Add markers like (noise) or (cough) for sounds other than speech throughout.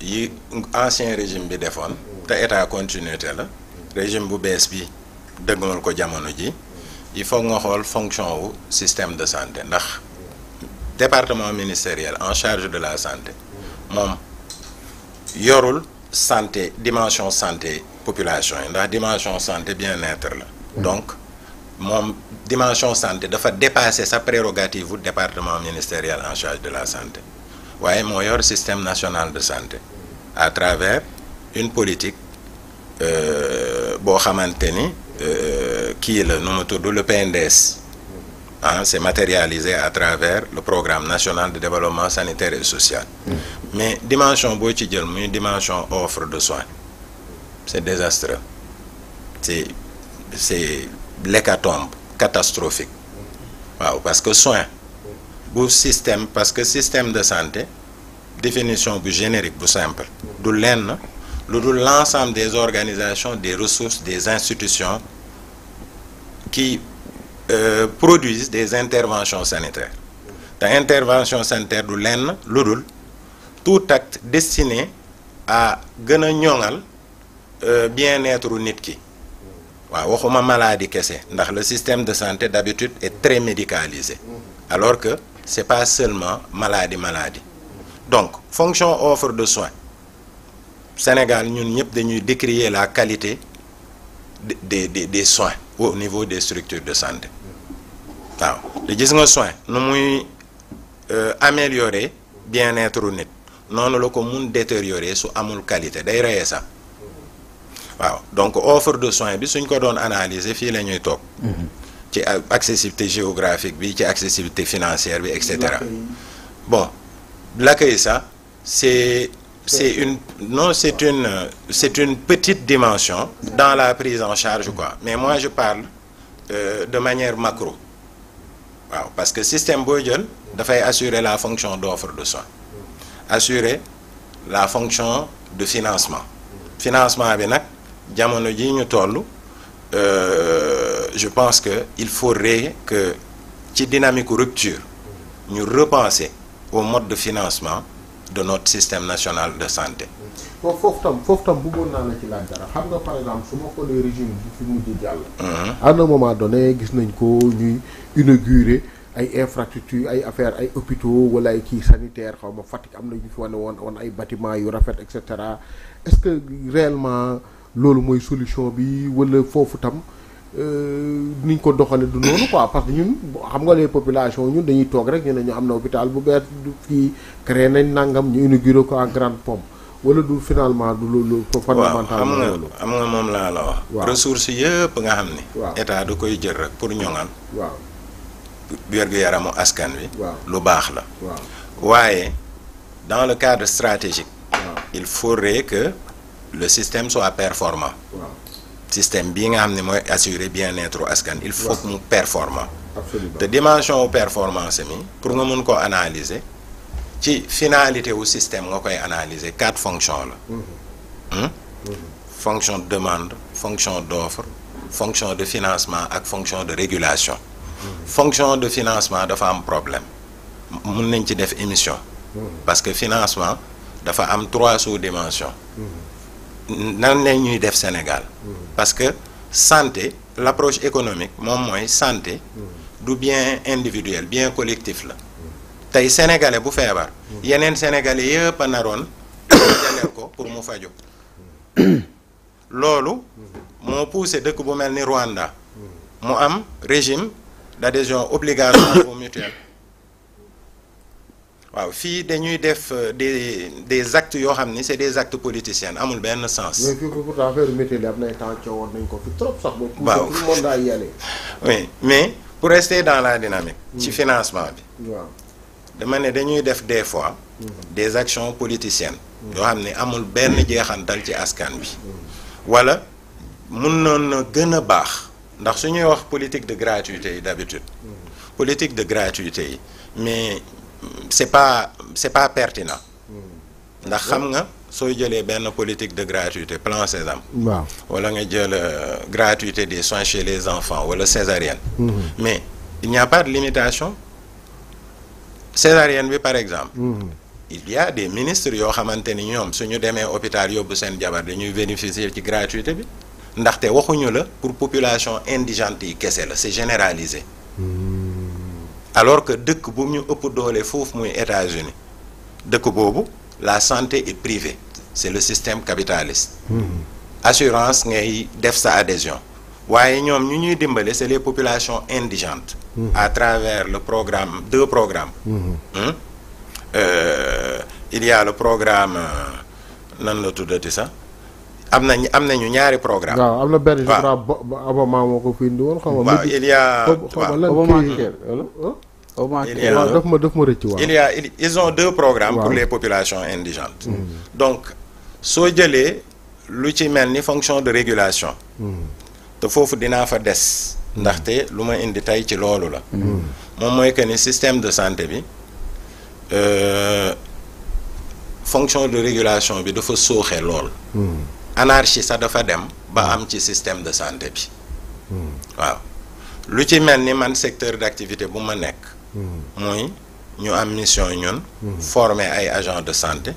l'ancien ancien régime bi defoon te état continuité régime bu bees bi dëgmal ko jamono ji il faut nga xool fonction système de santé le département ministériel en charge de la santé moom yorul santé dimension santé population a une dimension santé bien-être la mm. donc la dimension santé doit dépasser sa prérogative du département ministériel en charge de la santé waaye meilleur système national de santé à travers une politique qui est qui le PNDS hein, ah, c'est matérialisé à travers le programme national de développement sanitaire et social mm. mais dimension une dimension offre de soins c'est désastreux c'est c'est l'hécatombe catastrophique parce que soins système parce que système de santé définition bu générique bu simple du lenn l'ensemble des organisations des ressources des institutions qui euh, produisent des interventions sanitaires ta intervention sanitaire du lenn lu tout acte destiné à gagner euh, bien-être nit ki waxuma maladie le système de santé d'habitude est très médicalisé alors que c'est pas seulement maladie maladie donc fonction offre de soins Sénégal nous avons dañuy la qualité des des soins au niveau des structures de santé waaw Les nga soin nous euh, améliorer bien-être nit noonu la détériorer su qualité D'ailleurs, ça. ça donc offre de soins bi suñ ko analyse et fii la ñuy ci accessibilité géographique bi ci accessibilité financière etc. bon l'accueil ça c'est c'est une non c'est une c'est une petite dimension dans la prise en charge quoi mais moi je parle euh, de manière macro parce que système booy doit assurer la fonction d'offre de soins assurer la fonction de financement financement avec nak jamono ji ñu euh je pense que il faudrait que ci dynamique rupture nous repenser au mode de financement de notre système national de santé. foofu foofu tam foofu tam bëggoon naa par exemple su ma le régime du film mujj mhm. à un moment donné gis nañ ko ñuy inaugurer ay infrastructures ay affaires ay hôpitaux wala ay qui sanitaire am ñu fi ay bâtiments yu rafet etc est-ce que réellement loolu mooy solution bi wala Euh, niñ ko doxale du noonu quoi parce que ñun xam nga les populations ñun dañuy tok rek ñene ñu am na hôpital bu bét fi créé nañ nangam ñu inauguré ko en grande pompe wala du finalement du lolu ko fondamental am nga am nga mom la la wax ressources yépp nga xam ni état du koy jël rek pour ñongal waaw wérgu yaramu askan wi lu bax la waaye dans le cadre stratégique il faudrait que le système soit performant système bien amené assuré bien-être il faut que nous performant de dimension au performance pour nous nous ko analyser ci finalité du système nga analyser quatre fonctions mm-hmm. Hmm? Mm-hmm. fonction de demande fonction d'offre fonction de financement et fonction de régulation mm-hmm. fonction de financement dafa am problème nous nañ ci émission parce que financement dafa am trois sous-dimensions nan lay ñuy Sénégal parce que santé l'approche économique c'est la santé du bien individuel bien collectif la sénégalais bu sénégalais ko pour mu faju lolu mo poussé dëkk bu melni Rwanda am régime d'adhésion obligatoire waaw fii dañuy def euh, des des actes yo xamni c'est des actes politiciens amul ben sens. mais fii pourtant faire métier am na ay temps coowoon nañ ko fi trop sax. tout le monde aller (laughs) oui mais pour rester dans la dynamique. Hmm. ci financement bi. wa dama né dañuy def des fois. Hmm. des actions politiciennes. Hmm. yoo xam ne amul benn jeexantal ci askan bi. wala mën non gëna bax ndax suñuy wax politique de gratuité yi d'habitude. politique de gratuité mais c'est pas c'est pas pertinent hmm. ndax xam nga politique de gratuité plan césar. Euh, gratuité des soins chez les enfants wala césarienne hmm. mais il n'y a pas de limitation césarienne par exemple hmm. il y a des ministres yo Si ñom suñu hôpitaux hôpital yobu sen jabar dañuy bénéficier ci gratuité bi la pour population indigente c'est généralisé alors que dëkk bu ñu ëpp doole foofu muy États-Unis dëkk boobu la santé est privée c'est le système capitaliste mm-hmm. assurance ngay def sa adhésion waaye ñoom ñu ñuy dimbale c'est les populations indigentes mm-hmm. à travers le programme deux programmes mm-hmm. hein? euh, il y a le programme euh, nan la tuddati sax ça. na am nañu ñaari programme waaw am na benn je crois Obama moo ko fi il y a il y a ils ont deux programmes pour les populations indigentes mm. donc soo jëlee lu ci mel ni fonction de régulation mm. te foofu dinaa fa des mm. ndaxte lu ma indi tey ci loolu la moom mooy que ni système de santé bi euh, fonction de régulation bi dafa sooxe lool anarchie sax dafa dem ba am ci système de santé bi waaw lu ci mel ni man secteur d'activité bu ma nekk nous ñu am mission ñun former ay agents de santé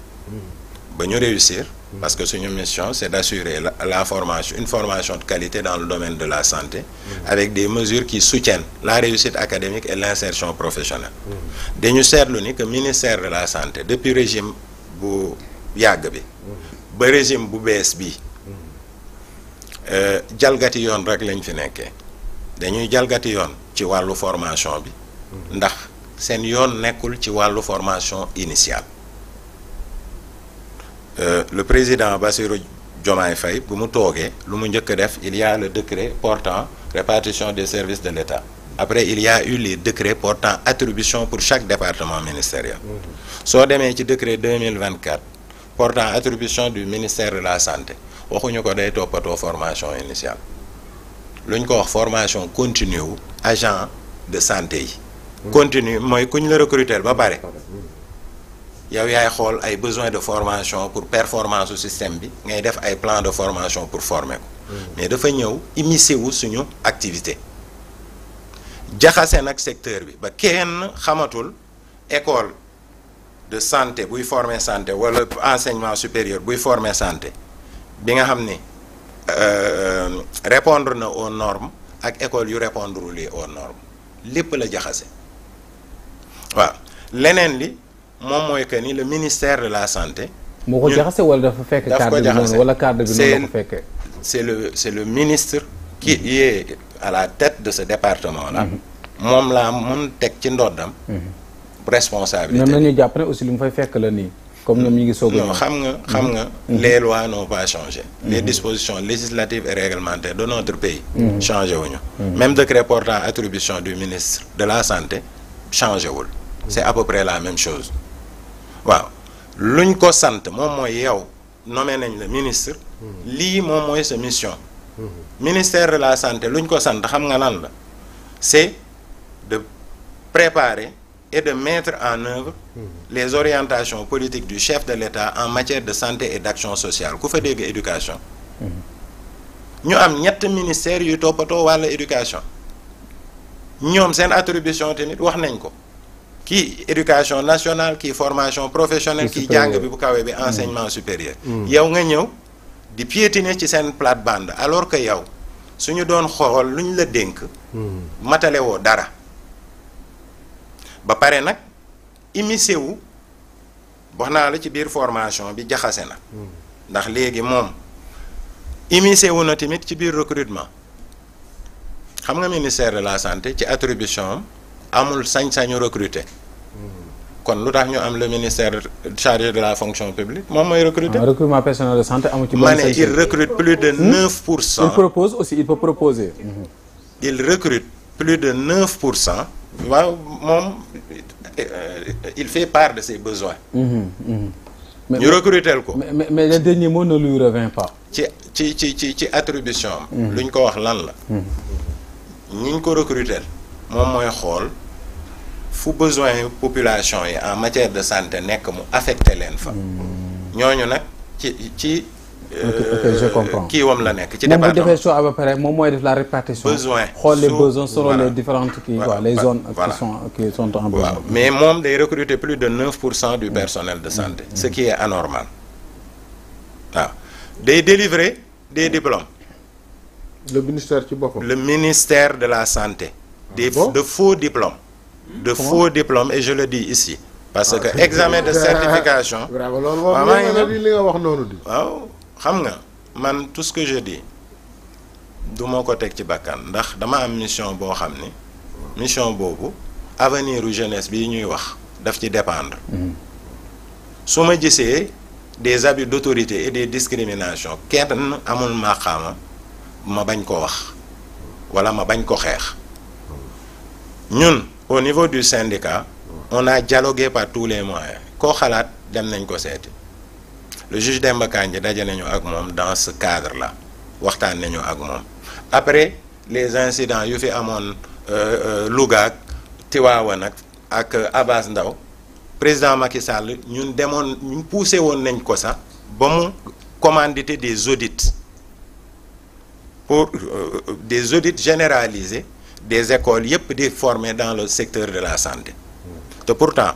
ba ñu réussir parce que suñu mission c'est d'assurer la, formation une formation de qualité dans le domaine de la santé avec des mesures qui soutiennent la réussite académique et l'insertion professionnelle dañu sétlu ni que ministère de la santé depuis régime bu yag bi ba régime bu bees bi euh, jalgati yoon rek lañ fi nekkee dañuy jalgati ci walu formation bi ndax seen yoon nekkul ci formation initiale euh, le président Bassirou Diomaye Faye bu mu toogee lu def il y a le décret portant répartition des services de l'État après il y a eu les décrets portant attribution pour chaque département ministériel Ce mmh. demee ci décret 2024 portant attribution du ministère de la santé waxuñu ko day toppatoo formation initiale Nous avons ko wax formation continue agent de santé continue moy ku le recruteur Il ba a yow yaay xol ay besoin de formation pour performance du système bi ngay def ay plan de formation pour former ko mm. mais dafa nous immiscé wu suñu activité jaxase Le secteur bi ba kenn xamatul école de santé pour former santé ou l'enseignement supérieur pour former santé bi nga euh, répondre na aux normes ak école yu répondre aux normes lepp la jaxassé waaw leneen li moom mooy que ni le ministère de la santé. moo ko wala dafa fekk. cadre wala bi la c'est le c'est le ministre. qui mm-hmm. est à la tête de ce département là. Mm-hmm. moom la mon teg ci ndoddam. Mm-hmm. responsabilité bi ñoom nañu jàpp aussi nous mu fay fekk comme nous ñu ngi soog non xam nga xam nga. les lois n'ont pas changé. les dispositions législatives et réglementaires de notre pays. changé wuñu. même décret portant attribution du ministre de la santé changé wul c'est à peu près la même chose waaw luñ ko mon nommé le ministre lit mon moyen sa mission ministère de la santé luñ ko je c'est de préparer et de mettre en œuvre les orientations politiques du chef de l'État en matière de santé et d'action sociale ce fa Nous, éducation ñu am ñett ministère yu est l'éducation. Nous avons une attribution qui est l'éducation. Qui éducation nationale qui formation professionnelle qui jàng bi bu kawee bi mm. enseignement supérieur mm. yow nga ñew di piétiner ci sen plate-bande alors que yow suñu doon xool luñ ñu la dénk mm. matalé wo dara ba paré nak immiscé wu wax naa la ci biir formation bi jaxase na ndax légui mom immiscé wu na tamit ci biir recrutement xam nga ministère de la santé ci attribution amul sañ-sañu recruter. kon lu ñu am le ministère chargé de la fonction publique mom moy recruter. Ah, recrutement personnel de santé amu ci. mané il recrute plus de 9 hmm? il propose aussi il peut proposer. Hmm. il recrute plus de 9 waaw il fait part de ses besoins. Hmm, ñu recruter ko. mais mais le dernier mot ne lui revient pas. ci ci ci ci attribution luñ ko wax lan la. ñu ko recruter mom moy xol faut besoin population en matière de santé nekk mu affecter l'enfant. fa. Hmm. ñooñu ci ci. je euh, comprends Qui wam la répartition. besoin les besoins selon les différentes qui les zones. qui sont qui sont en besoin. mais moom day recruté plus de 9 du personnel de santé. Hmm. ce qui est anormal Ah, day délivré des diplômes. le ministère ci le ministère de la santé. des ah de faux diplômes de faux diplômes et je le dis ici parce ah, que examen de certification waaw nga man tout ce que je dis je ne ko teg ci bakkan ndax dama am mission boo xam mission bobu avenir ou jeunesse bi ñuy wax daf ci dépendre hmm. suma ma des abus d'autorité et des discriminations kenn amul maqama ma bañ ko wax wala ma bañ ko xeex ñun au niveau du syndicat on a dialogué par tous les moyens dem nañ ko le juge Demba a dit dit ak dans ce cadre là après les incidents yu fi eu euh, Louga ak Tivaouane nag ak euh, Abass Ndao président Macky Sall ñun demoon ñu poussé à nañ ko commander commandité des audits pour euh, des audits généralisés des écoles yep di former dans le secteur de la santé te pourtant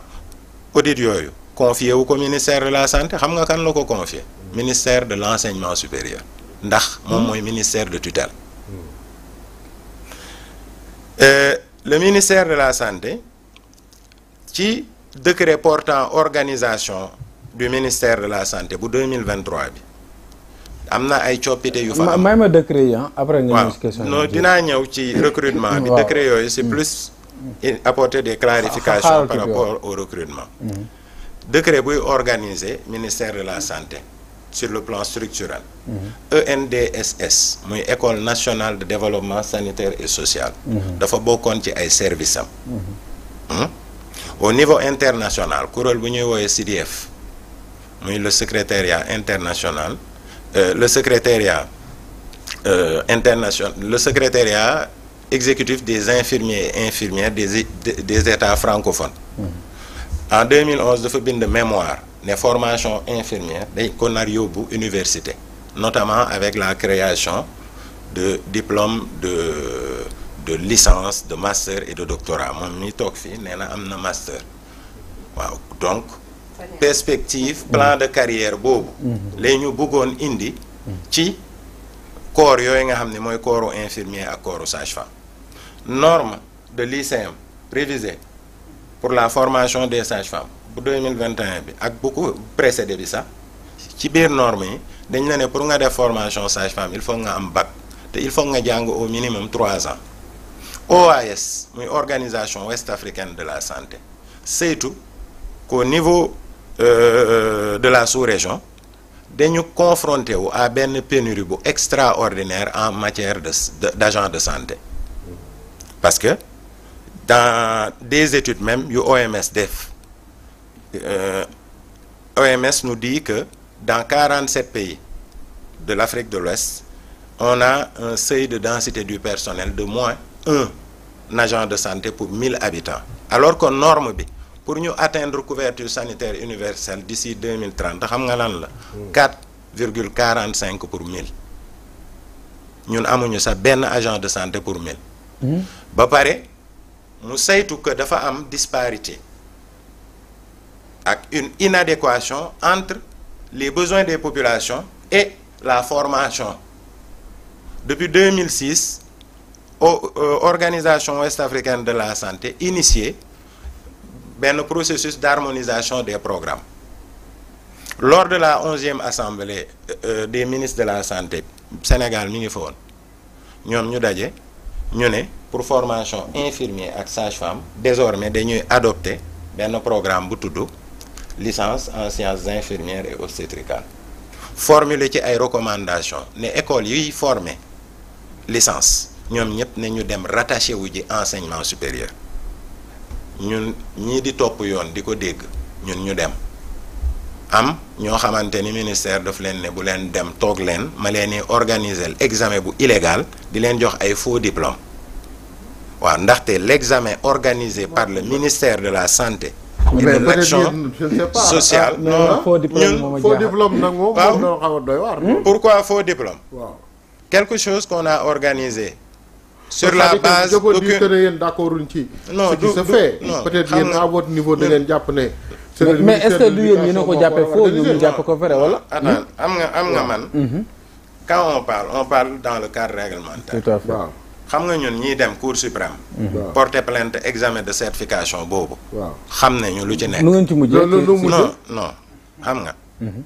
audit yoyu confié au ministère de la santé xam nga kan la confié ministère de l'enseignement supérieur ndax mom ministère de tutelle euh, le ministère de la santé qui décret portant organisation du ministère de la santé pour 2023 amna ay coppite yu fa am may ma décret yi ah, après nga ñëw question non dina ñëw ci recrutement bi décret c'est mm. plus apporter des clarifications par rapport au recrutement mm-hmm. décret bu organiser ministère de la santé sur le plan structurel mm-hmm. ENDSS moy école nationale de développement sanitaire et social mm-hmm. dafa bokon ci ay services am hmm? au niveau international kuréel bu ñuy CDF moy le secrétariat international euh, le secrétariat euh, international, le secrétariat exécutif des infirmiers et infirmières des, États francophones. Mm-hmm. En 2011, dafa de mémoire les formations infirmières des ko bout université notamment avec la création de diplômes de de licence de master et de doctorat Mon suis master donc perspective plan de carrière les mhm. lay ñu bëggoon indi ci corps yooyu nga xam ne corps infirmier ak corps sage-femme norme de l'ICM prévisées pour la formation des sages-femmes bu 2021 bi beaucoup bu ko précédé bi sax ci biir norme dañ la pour nga def formation sage-femme il faut nga am bac te il faut nga au minimum 3 ans OAS l'organisation ouest africaine de la santé tout, qu'au niveau euh, de la sous-région nous confronté confronter à une pénurie extraordinaire en matière d'agents de santé parce que dans des études même du OMS def euh, OMS nous dit que dans 47 pays de l'Afrique de l'Ouest on a un seuil de densité du personnel de moins un agent de santé pour 1000 habitants alors que norme B pour nous atteindre couverture sanitaire universelle d'ici 2030, 4,45 pour 1000. Nous avons un agent de santé pour 1000. Hmm? ba nous savons qu'il que dafa une disparité une inadéquation entre les besoins des populations et la formation depuis 2006 l'Organisation euh, ouest africaine de la santé initiée le processus d'harmonisation des programmes lors de la 11 11e assemblée euh, euh, des ministres de la santé Sénégal nous nous avons nous pour formation infirmier et sage-femme désormais dañuy adopter ben programme Boutoudou, licence en sciences infirmières et obstétricales formuler ci ay recommandations les écoles yuy former licence nous avons nous ñu rattaché l'enseignement enseignement supérieur ñun ñii di topp yoon di ko dégg ñun ñu dem am ñoo xamante ni ministère daf leen ne bu leen dem toog leen ma leen organiser examen bu illégal di leen jox ay faux diplôme waaw ndaxte l'examen organisé par le ministère de la santé social de sociale ah, non ñun hmm? faux diplôme waaw pourquoi faux diplôme quelque chose qu'on a organisé sur la base je veux dire que ne ce qui se fait peut être à votre niveau de ngeen jàpp mais est ce que lui il n'y a pas faux, foofu ñu ñu jàpp ko fere wala. attends ah, ah, am nga am nga man. Mhm. quand on parle on parle dans le cadre réglementaire. tout à fait waaw. xam nga ñun ñiy dem cour suprême. Mhm. porter plainte examen de certification boobu. waaw xam nañu lu ci nekk. nu non non xam nga. Mhm.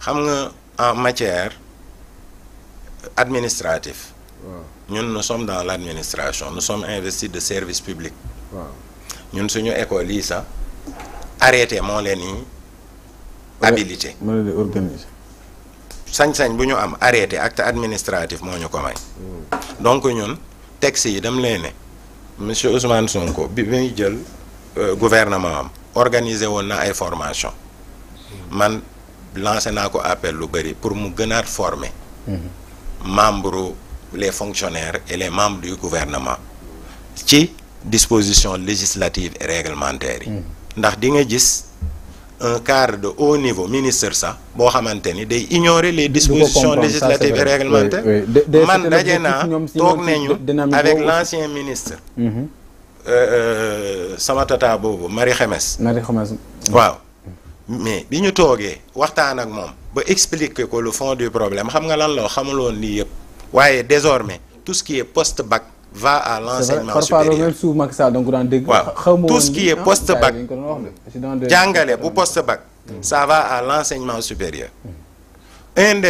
xam nga en matière administrative nous sommes dans l'administration. nous sommes investis de service public. Nous ñun suñu école yi sax arrêté moo leen yi habilité moo nous nous sañ arrêté acte administratif hmm. donc nous, texte yi monsieur Ousmane Sonko le euh, gouvernement am organiser une ay formation hmm. man lancé un appel pour nous former hmm les fonctionnaires et les membres du gouvernement ci dispositions législatives et réglementaires mm. ndax di nga un cadre de haut niveau ministre ça. bo xamanteni ni day ignorer les dispositions législatives et réglementaires man daje naa avec l'ancien ministre mm-hmm. euh, euh, sama tata bobu Marie Xemes Marie Xemes waaw mais biñu togué waxtaan ak mom ba expliquer ko le fond du problème xam nga lan loo won lii yépp oui, désormais tout ce qui est post bac va à l'enseignement supérieur tout ce qui est ah, post bac hmm. ça va à l'enseignement supérieur Un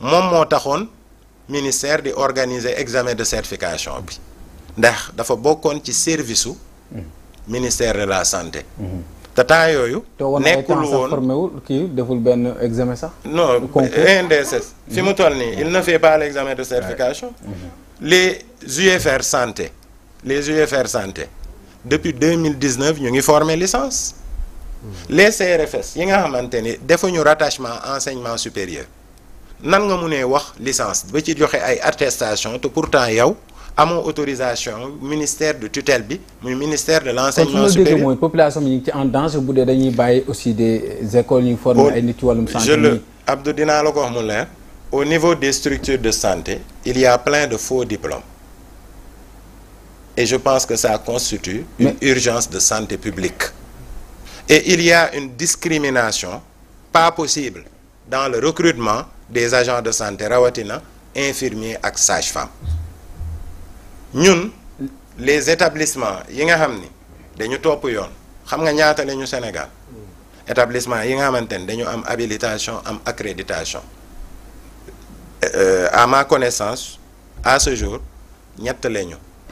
mon mon ministère dorganiser organiser examen de certification Il faut dafa service hmm. ministère de la santé hmm te temps yooyu. nekkul woon formé wul kii deful ben examen sax. non NDSS. E mm-hmm. fi mu tolni il ne fait pas l'examen de certification. Mm-hmm. les UFR santé les UFR santé depuis 2019 ñu formé former licence. Mm-hmm. les CRFS yi nga xamanteni defu ñu rattachement enseignement supérieur nan nga une wax licence ba ci joxe ay attestation te pourtant yow mon autorisation ministère de tutelle bi ministère de l'enseignement supérieur population en danger aussi des écoles uniformes ay je le Abdou au niveau des structures de santé il y a plein de faux diplômes et je pense que ça constitue une urgence de santé publique et il y a une discrimination pas possible dans le recrutement des agents de santé rawatina infirmiers et sages-femmes ñun les établissements yi nga xam ni dañu topp yoon xam nga ñaata la Sénégal établissement yi nga xamante ni dañu am habilitation am accréditation euh, à ma connaissance à ce jour ñett la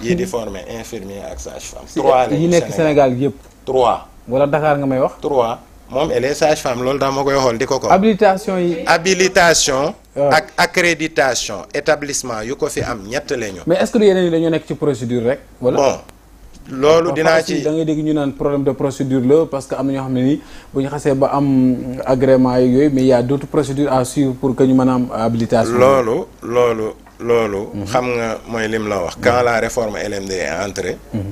yi di former infirmier ak sage-femme. trois yi ñu nekk Sénégal yëpp. trois wala Dakar nga may wax. trois moom elle est sage-femme loolu daa ma koy xool di ko ko. habilitation yi. habilitation. Ah. ak accréditation établissement yu ko fi am ñett lañu. mais est-ce que yeneen ñu dañu nek ci procédure rek. voilà bon loolu dinaa ci da ngay dégg ñu naan problème de procédure là parce que am ñu xamni buñu xasse ba am agrément yoy mais il y a d'autres procédures à suivre pour que ñu mën am habilitation. lolu lolu lolu mhm. xam nga moy lim la wax. quand la réforme LMD est entrée. Mhm.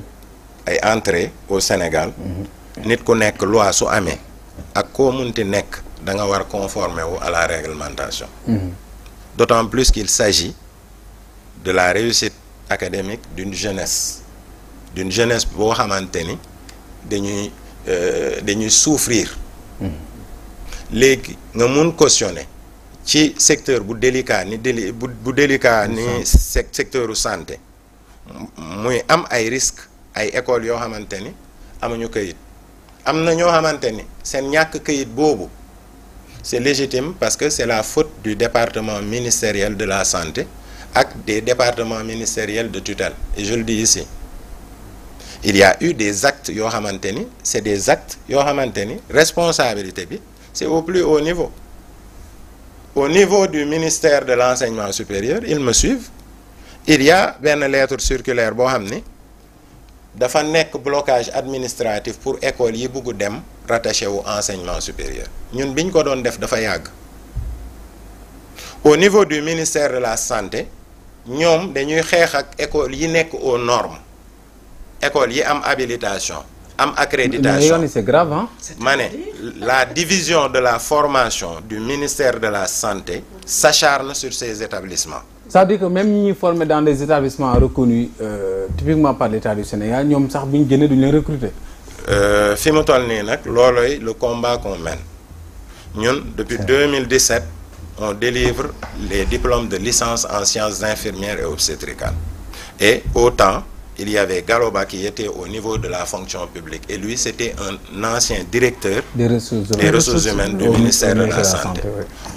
ay entrée au Sénégal. Mhm. nit ku nek loi su amé ak ko munti nekk d'avoir conformé à la réglementation mhm. d'autant plus qu'il s'agit de la réussite académique d'une jeunesse d'une jeunesse pour xamante nous dañuy Nous euh, souffrir mhm. les nga mun cautionné, ci secteur bu délicat ni déli bu délicat ni secteur santé y am ay risques ay écoles yoo y ni amuñu këyit am na ñoo xamante ni seen ñàkk këyit c'est légitime parce que c'est la faute du département ministériel de la santé acte des départements ministériels de tutelle. Et je le dis ici. Il y a eu des actes Yohamanteni, c'est des actes Yohamanteni, responsabilité, c'est au plus haut niveau. Au niveau du ministère de l'enseignement supérieur, ils me suivent. Il y a une lettre circulaire, Bohamni, a un blocage administratif pour école yi qui dem rattaché wu enseignement supérieur ñun biñ ko doon def dafa yag au niveau du ministère de la santé ñom dañuy des ak école yi nek aux normes école yi am habilitation am accréditation c'est grave hein la division de la formation du ministère de la santé s'acharne sur ces établissements ça veut dire que même ñi formé dans des établissements reconnus euh, typiquement par l'État du Sénégal nous sax bu ñu de duñu recruter. Euh, c'est le combat qu'on mène ñun depuis 2017 on délivre les diplômes de licence en sciences infirmières et obstétricales et autant il y avait Galoba qui était au niveau de la fonction publique. Et lui, c'était un ancien directeur des ressources, humaines du ministère de la, Santé.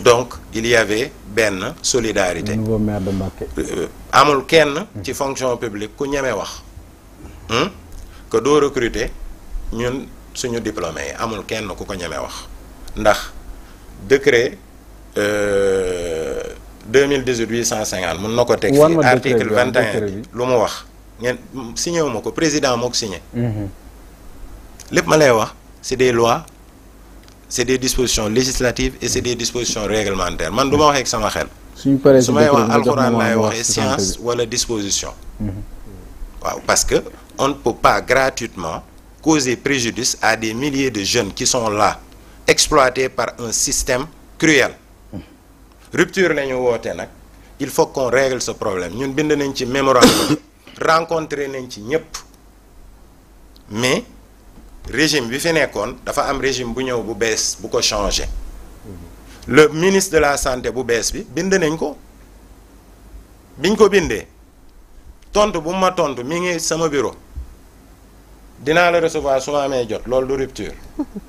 Donc, il y avait Ben solidarité. nouveau qui de euh, amul kenn ci fonction publique ku wax hmm? que doo recruter ñun suñu diplômés. amul décret 2018 euh, 850 article 21 signé président mhm. a c'est des lois c'est des dispositions législatives et c'est des dispositions réglementaires je ne sais pas ak sama xel. suñu disposition. Mhm. parce que on ne peut pas gratuitement causer préjudice à des milliers de jeunes qui sont là exploités par un système cruel. Mhm. rupture il faut qu'on règle ce problème Nous bind nañ mémorandum rencontré nañ ci mais régime bi fi nekkoon dafa am régime bu ñew bu bess bu ko changé mhm. le ministre de la santé bu bess bi bind nañ ko biñ ko bindé tontu bu ma tontu mi ngi sama bureau dina la recevoir su ma jot loolu rupture. (laughs)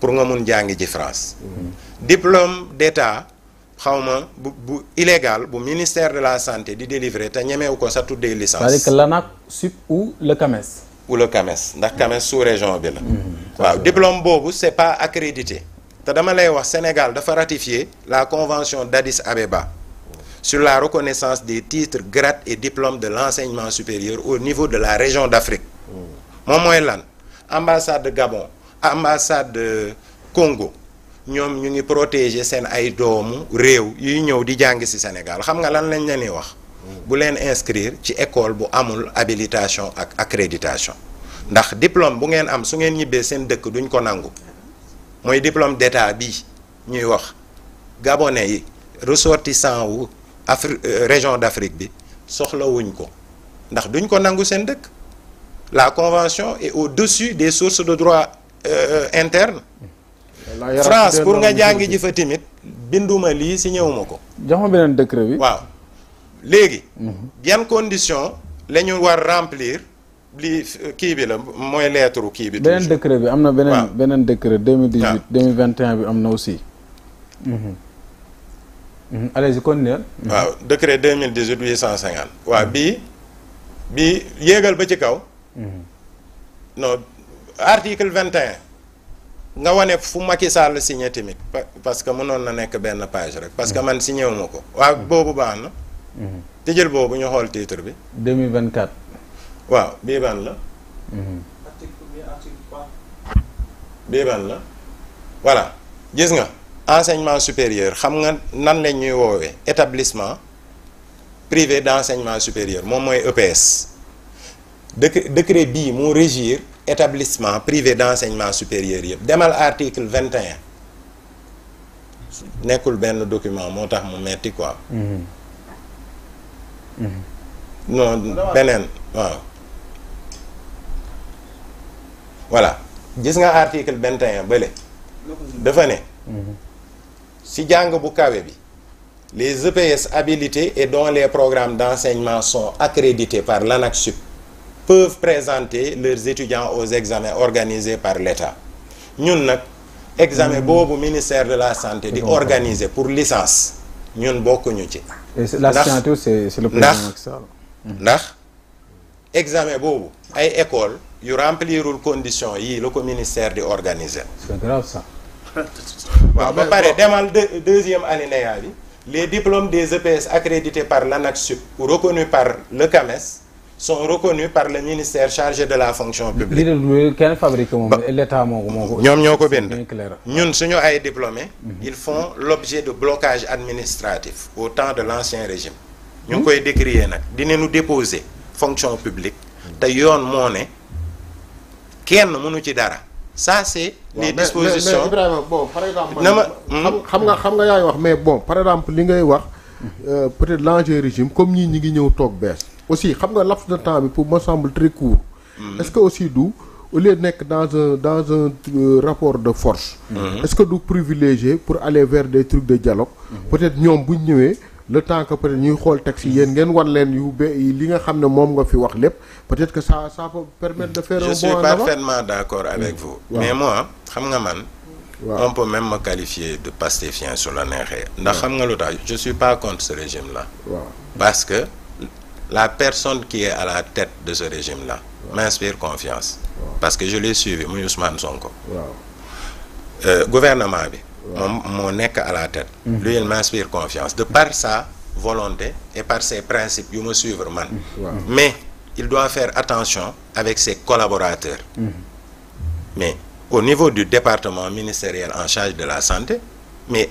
pour nga mun jàngi ci France. diplôme d'état il est bu illégal bu ministère de la santé di délivrer te ñemewu ko sa tuddee licence. c'est-à-dire que l'ANAC ou le CAMES. ou le CAMES ndax CAMES sous région bi la. Mm-hmm. waaw diplôme c'est pas accrédité. te Sénégal dafa ratifier la convention d'Addis Abeba sur la reconnaissance des titres grades et diplômes de l'enseignement supérieur au niveau de la région d'Afrique mm. moom mooy ambassade de Gabon ambassade de euh, Congo ñom ñu ngi protéger sen ay doomu réew yuy ñew di jang ci Sénégal xam nga lan lañ leen wax. bu leen inscrire ci école bu amul habilitation ak accréditation ndax diplôme bu ngeen am su ngeen ñibé sen dëkk duñ ko nangu moy diplôme d'état bi ñuy wax gabonais yi ressortissant ou. Euh, région d'Afrique bi wuñ ko ndax duñ ko nangu sen dëkk la convention est au-dessus des sources de droit Euh, euh, interne. France pour nga jàngi ji fa timit binduma lii si ñëwuma ko. jox ma beneen décret bi. waaw léegi. Mhm. yan condition la ñu war remplir lii kii bi la mooy lettre kii bi. beneen décret bi am na beneen beneen décret. 2018 2021 bi am na aussi. Mhm. Mhm. allez-y continuez. waaw décret 2018 850. waaw bii bii yéegal ba ci kaw. non. article 21 nga wane fu Macky Sall signé tamit. parce que mënoon na nek ben page rek. parce que man signé wumako wa bobu waaw hmm baax na. Mm-hmm. jël ñu xol titre bi. 2024. Wa bii ban la. Mm-hmm. article bi article 3. bii ban la. voilà gis nga enseignement supérieur xam nga nan lañ ñuy wowe établissement privé d'enseignement supérieur mom moy EPS. décret décret bii régir établissement privé d'enseignement supérieur yëpp demal article 21 nekkul le document moo tax metti quoi mhm. Mhm. non benen. waaw voilà gis nga article 21 Devenez. Mhm. si jàng bi les EPS habilités et dont les programmes d'enseignement sont accrédités par l'ANACSUP, peuvent présenter leurs étudiants aux examens organisés par l'État Nous, nag examen au hmm. ministère de la santé di organiser pour licence ñun La ci ndax ndax ndax examen beau à école yu remplit les conditions. la le ministère di organiser c'est grave ça Bon, (laughs) ba deuxième année, les diplômes des EPS accrédités par l'ANACSUP ou reconnus par le CAMES sont reconnus par le ministère chargé de la fonction publique. Nous diplômés. Mhm. ils font l'objet de blocage administratif au temps de l'ancien régime. Nous avons décrit, nous déposer fonction publique kenn mënu ça c'est les dispositions bon par exemple. l'ancien régime comme nous, aussi xam nga laps de temps bi pour me semble très court. Hmm. est-ce que aussi du au lieu nek dans un dans un euh, rapport de force. Hmm. est-ce que du privilégié pour aller vers des trucs de dialogue. Hmm. peut-être ñom bu ñëwé le temps que peut-être ñuy xol taxi yeen ngeen war leen yu be li nga xamné mom nga fi wax lepp peut-être que ça ça peut permettre de faire un bon je suis parfaitement d'accord avec vous mais moi xam nga man on peut même me qualifier de pastéfien sur la neexee ndax xam nga je suis pas contre ce régime là parce que la personne qui est à la tête de ce régime-là m'inspire confiance. Parce que je l'ai suivi, muy Ousmane Sonko. Euh, gouvernement mon nec à la tête. Mm-hmm. lui il m'inspire confiance de par sa volonté et par ses principes je me suivre man. Mm-hmm. mais il doit faire attention avec ses collaborateurs. Mm-hmm. mais au niveau du département ministériel en charge de la santé mais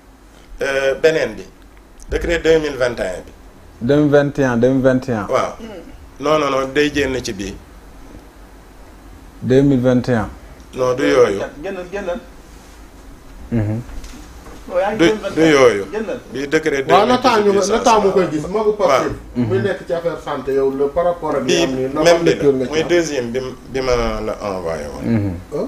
Euh, Benendi, bi décret 2021. 2021, 2021. bi. 2021 non non non day génn ci bi non du yooyu. Je mhm. ne du décret pas. mu koy gis muy mhm. ci affaire santé yow même la muy deuxième bi envoyé mhm. hein?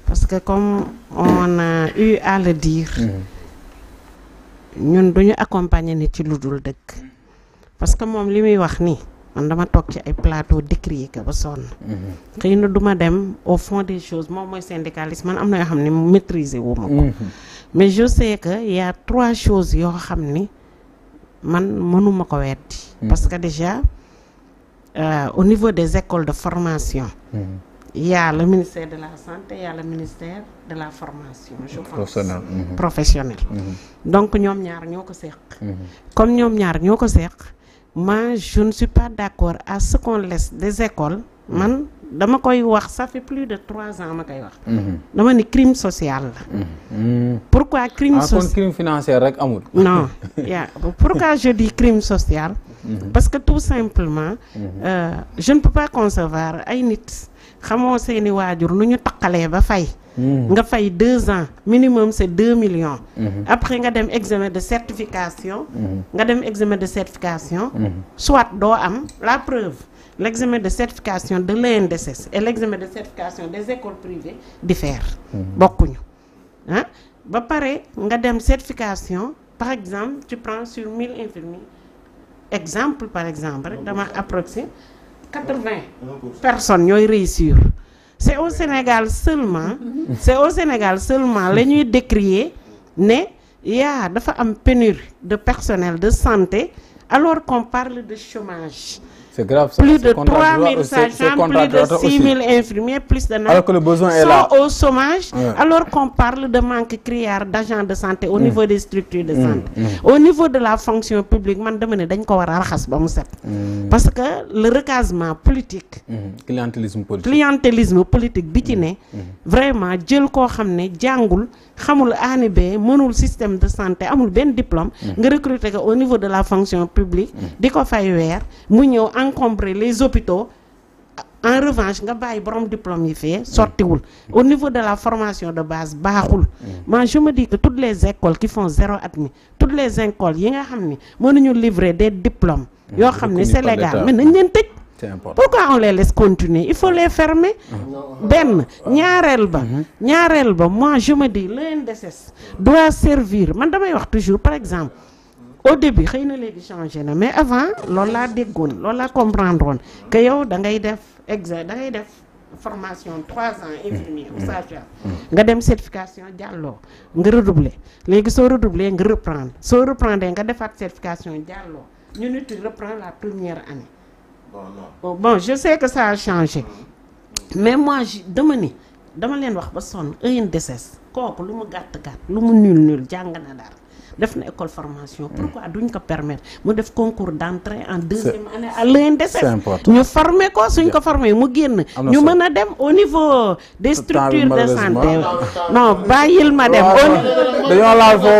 parce que comme on a eu à le dire mm-hmm. ñun duñu accompagner ni ci luddul dul parce que mom li wax ni man dama tok ci ay plateau décrier que ba Je mm-hmm. xëy duma dem au fond des choses mom suis syndicaliste man amna yo xamni maîtriser wu mm-hmm. mais je sais que y a trois choses que je ne man mënuma ko parce que déjà euh, au niveau des écoles de formation il y a le ministère de la santé il y a le ministère de la formation je pense professionnelle mhm. mhm. donc nous, ñaar sommes les comme nous, ñaar tous les moi je ne suis pas d'accord à ce qu'on laisse des écoles mhm. man dama koy wax ça fait plus de trois ans ma je wax dama dis crime social pourquoi crime ah, social un crime financier rek (laughs) non pourquoi je dis crime social parce que tout simplement euh, je ne peux pas concevoir ay xamoo seeni waajur nu ñu ba fay hmm. nga fay deux ans minimum c'est 2 millions hmm. après nga dem examen de certification hmm. nga dem examen de certification soit do am la preuve l'examen de certification de l'ENDSS et l'examen de certification des écoles privées diffèrent bokkuñu ah ba un nga dem certification par exemple tu prends sur 1000 infirmiers exemple par exemple dama approximé 80 personnes c'est au Sénégal seulement mhm. c'est au Sénégal seulement la il y il y dafa une pénurie de personnel de santé alors qu'on parle de chômage plus de 3 000 agents, plus de 6 000 infirmiers, plus de... Alors que là. au chômage, alors qu'on parle de manque criard d'agents de santé au mm. niveau des structures de mm. santé. Mm. Au niveau de la fonction publique, man demandé dañ de wara Parce que le recasement politique, clientélisme politique, clientélisme politique bi vraiment je xamul aani bee mënul système de santé amul ben diplôme mm. nga recruté au niveau de la fonction publique mm. Dès qu'on fay weer mu ñëw encombrer les hôpitaux en revanche nga baye borom diplôme yi sorti wul mm. au niveau de la formation de base baxul moi je me dis que toutes les écoles qui font zéro admis toutes les écoles yi nga xamni ne ñu livrer des diplômes yo xamni c'est légal mais nañ c'est important pourquoi on les laisse continuer il faut les fermer. Ah. benn ñaareel ba. Mm-hmm. ñaareel ba moi je me dis l'ENDSS doit servir man damay wax toujours par exemple. au début xëy ne léegi changé na mais avant lola laa lola loolu laa comprendre que yow da ngay def exa da ngay def formation trois ans infirmier ou sage-femme nga dem certification jàlloo nga redoubler léegi soo redoubler nga reprendre soo reprendre nga defaat certification Diallo. ñu nit reprend la première année bon je sais que ça a changé. Mm-hmm. Mm-hmm. mais moi dama ni dama len wax ba un DSS kooku lu mu nul nul def école formation. Mm. pourquoi duñ ko permettre mu def concours d'entrée en deuxième année à e ñu former ko suñ ko former mu génn. ñu au niveau des structures de santé. non ma dem. dañu laal fo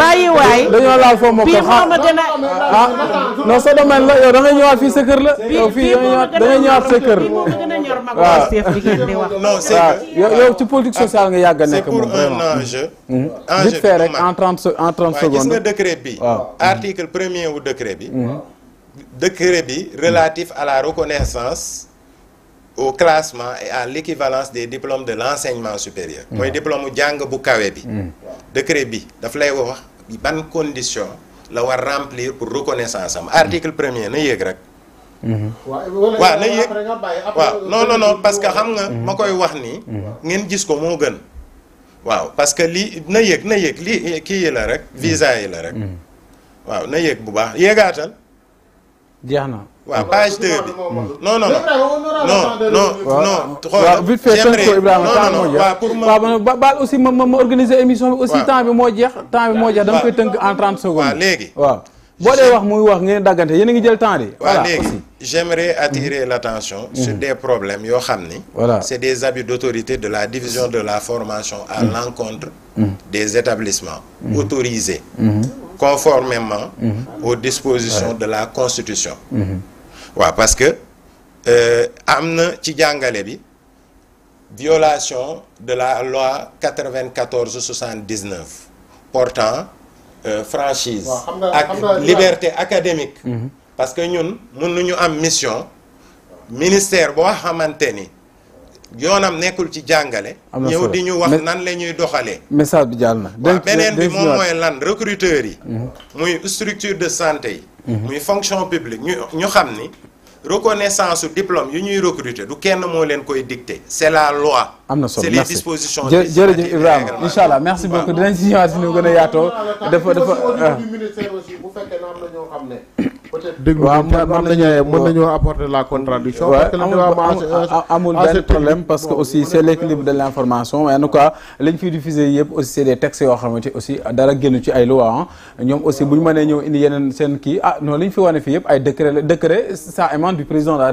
bayi laal ah, ah, ah, non ça domaine la la. c'est en 30 secondes décret article premier ou décret bi. Mm-hmm. décret bi relatif à la reconnaissance. au classement et à l'équivalence des diplômes de l'enseignement supérieur. Mm-hmm. mooy diplôme jang bu kawé bi. Mm-hmm. décret bi daf lay wax ban condition la war remplir pour reconnaissance article premier na yéeg rek. waaw na non non non parce que xam nga makoy wax ni. ngeen gis ko mo gën waaw parce que li na yéeg na yéeg li kii yi la rek visa yi la rek. Mm. waaw na yéeg bu baax yéegaatal. jeex na. waaw page 2 bi non non non non non xoolal vite fait tënk ko Ibrahima temps moo jeex pour ma waaw baal aussi ma ma organiser émission bi. aussi temps bi moo jeex. temps bi moo jeex dama koy tënk en 30 secondes. waaw léegi waaw j'aimerais attirer l'attention mm. sur des problèmes c'est des abus d'autorité de la division de la formation à mm. l'encontre mm. des établissements autorisés conformément aux dispositions de la Constitution parce que euh, il y violation de la loi 94 79 portant euh, franchise liberté académique mhm. parce que ñun mënuñu am mission ministère bo xamante ni yoonam nekkul ci jàngale ñeu di ñu wax nan la ñuy Mais message bi jàll benen bi moom moy lan recruteur yi mhm. muy structure de santé une mhm. muy fonction publique ñu ñu reconnaissance diplôme yu ñuy recruter du kenn mo leen koy dicter c'est la loi. c'est les dispositions. jërëjëf Ibrahima ibrahim inshallah merci beaucoup dinañ si ñëwaat si ñu gën a yaatoo. dafa dafa déglu waaw mën nañoo mën nañoo apporter la contradiction parce que amul euh, benn problème parce que aussi c'est l'équilibre de l'information mais en tout cas liñ fiy diffuser yëpp aussi c'est des textes yoo xamante aussi dara génn ci ay loi ñoom aussi bu ñu nee ñëw indi yeneen seen kii ah non liñ fi wane fii yëpp ay décret décret ça émane du président de la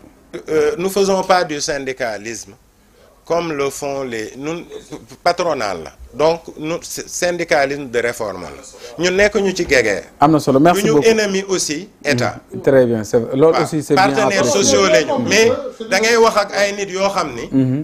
euh, nous faisons pas du syndicalisme comme le font les ñun patronal donc nous, syndicalisme de réforme Nous ñun nekk ñu ci gégee ñu ennemi aussi état. Mm, très bien c'est loolu aussi c'est bien partenaires sociaux mais da ngay wax ak ay nit yoo xam mm-hmm.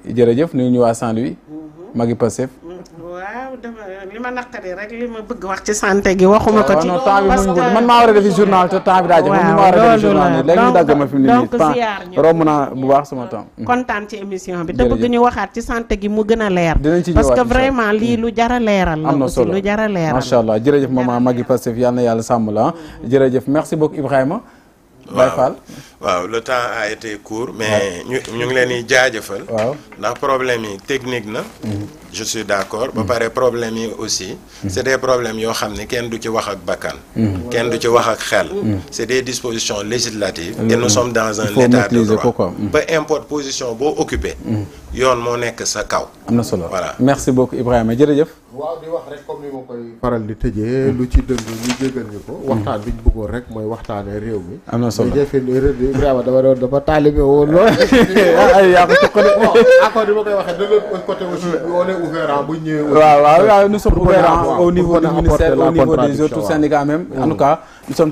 jërëjëf nuyu ñu waa saint wi mhm. magi Pastef. Mhm. waaw dama li ma naqari rek li ma bëgg wax ci santé gi waxuma ko ci. parce que man maa war a defi journal te temps bi daa jëm. waaw loolu la donc donc ziar ñu romb naa mm. ci émission bi te bëgg ñu waxaat ci santé gi mu gën a leer. parce que vraiment lii lu jara a leeral. am na solo lu jar a leeral. macha jërëjëf maman Magui Pastef yal na yàlla sàmm la mm. jërëjëf merci beaucoup Ibrahima. waaw waaw le temps a été court mais nous ñu ngi leen di ndax problème technique mhm. je suis d'accord ba mhm. par problème yi aussi mhm. c'est des problèmes qui sont du ci wax ak du c'est des dispositions législatives et nous sommes dans un état de droit peu importe position boo occupé yoon moo nekk sa kaw am voilà merci beaucoup Ibrahima jërëjëf waaw di wax rek comme ni ma koy faral di tëjee hmm. lu ci dëng ñu jégal ñu ko. waxtaan bi ñu bëggoon rek mooy waxtaanee réew mi. am na solo di jafe ni réew mi Ibrahima dama doon dafa taalibe woon lool. (laughs) yaa ko tuqale. bon accord ni ma koy waxee de l'autre côté aussi hmm. on est ouvert bu ñu ñëwee. waaw waaw nous sommes ouverts au niveau du ministère au niveau des autres syndicats même en hmm. tout cas nous